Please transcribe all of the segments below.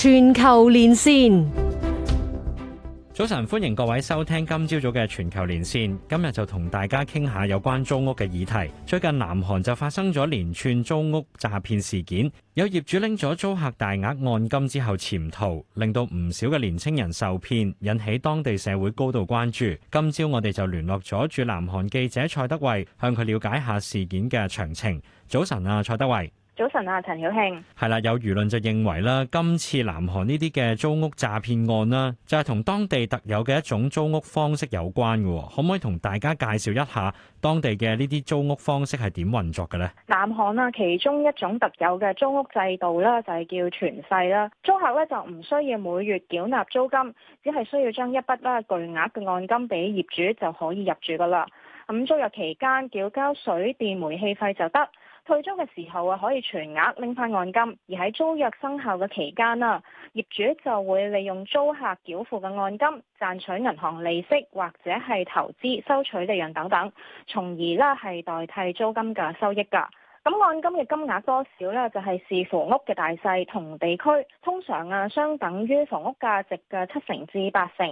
全球連線，早晨，歡迎各位收聽今朝早嘅全球連線。今日就同大家傾下有關租屋嘅議題。最近南韓就發生咗連串租屋詐騙事件，有業主拎咗租客大額按金之後潛逃，令到唔少嘅年青人受騙，引起當地社會高度關注。今朝我哋就聯絡咗駐南韓記者蔡德蕙，向佢了解下事件嘅詳情。早晨啊，蔡德蕙。早晨啊，陳曉慶係啦，有輿論就認為啦，今次南韓呢啲嘅租屋詐騙案啦，就係同當地特有嘅一種租屋方式有關嘅。可唔可以同大家介紹一下當地嘅呢啲租屋方式係點運作嘅呢？南韓啊，其中一種特有嘅租屋制度啦，就係叫全稅啦。租客咧就唔需要每月繳納租金，只係需要將一筆啦巨額嘅按金俾業主就可以入住噶啦。咁租約期間繳交水電煤氣費就得。退租嘅時候啊，可以全額拎翻按金；而喺租約生效嘅期間啦，業主就會利用租客繳付嘅按金賺取銀行利息或者係投資收取利潤等等，從而呢係代替租金嘅收益㗎。咁按金嘅金額多少呢？就係視乎屋嘅大細同地區，通常啊，相等於房屋價值嘅七成至八成，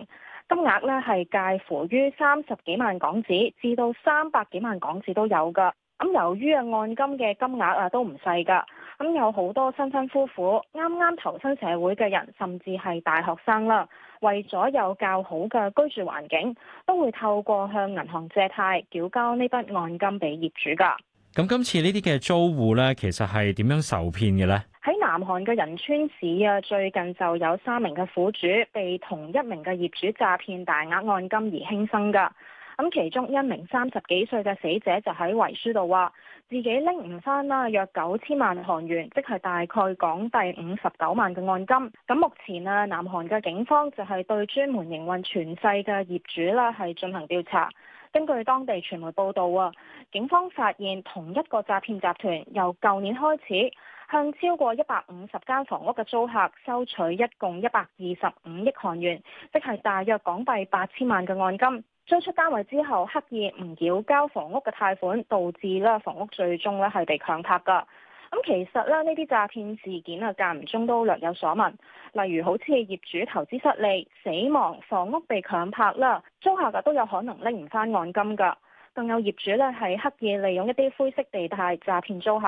金額呢係介乎於三十幾萬港紙至到三百幾萬港紙都有㗎。咁由於啊，按金嘅金額啊都唔細噶，咁有好多新婚夫婦、啱啱投身社會嘅人，甚至係大學生啦，為咗有較好嘅居住環境，都會透過向銀行借貸繳交呢筆按金俾業主噶。咁今次呢啲嘅租戶呢，其實係點樣受騙嘅呢？喺南韓嘅仁川市啊，最近就有三名嘅苦主被同一名嘅業主詐騙大額按金而輕生噶。咁其中一名三十幾歲嘅死者就喺遺書度話，自己拎唔翻啦，約九千萬韓元，即係大概港幣五十九萬嘅按金。咁目前啊，南韓嘅警方就係對專門營運全世嘅業主啦，係進行調查。根據當地傳媒報道啊，警方發現同一個詐騙集團由舊年開始向超過一百五十間房屋嘅租客收取一共一百二十五億韓元，即係大約港幣八千萬嘅按金。租出單位之後，刻意唔繳交房屋嘅貸款，導致咧房屋最終咧係被強拍㗎。咁其實咧呢啲詐騙事件啊，間唔中都略有所聞，例如好似業主投資失利、死亡、房屋被強拍啦，租客啊都有可能拎唔返按金㗎。更有業主咧，係刻意利用一啲灰色地帶詐騙租客。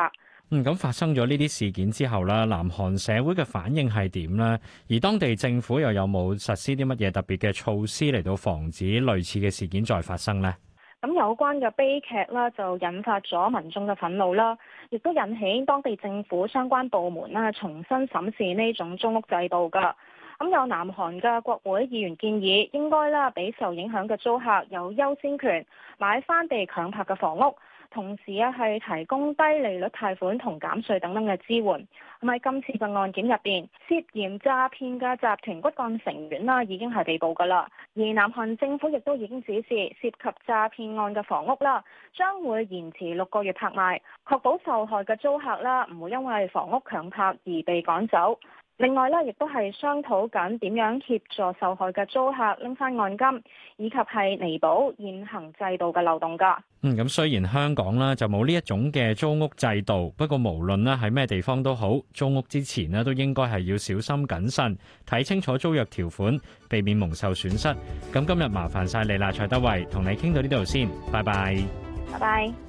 嗯，咁發生咗呢啲事件之後咧，南韓社會嘅反應係點呢？而當地政府又有冇實施啲乜嘢特別嘅措施嚟到防止類似嘅事件再發生呢？咁有關嘅悲劇咧，就引發咗民眾嘅憤怒啦，亦都引起當地政府相關部門啦重新審視呢種租屋制度㗎。咁有南韓嘅國會議員建議，應該啦，俾受影響嘅租客有優先權買翻被強拍嘅房屋，同時呀係提供低利率貸款同減稅等等嘅支援。喺今次嘅案件入邊，涉嫌詐騙嘅集團骨幹成員啦已經係被捕㗎啦，而南韓政府亦都已經指示涉及詐騙案嘅房屋啦，將會延遲六個月拍賣，確保受害嘅租客啦唔會因為房屋強拍而被趕走。另外咧，亦都係商討緊點樣協助受害嘅租客拎翻按金，以及係彌補現行制度嘅漏洞㗎。嗯，咁雖然香港咧就冇呢一種嘅租屋制度，不過無論咧喺咩地方都好，租屋之前咧都應該係要小心謹慎，睇清楚租約條款，避免蒙受損失。咁今日麻煩晒你啦，蔡德蕙，同你傾到呢度先，拜拜，拜拜。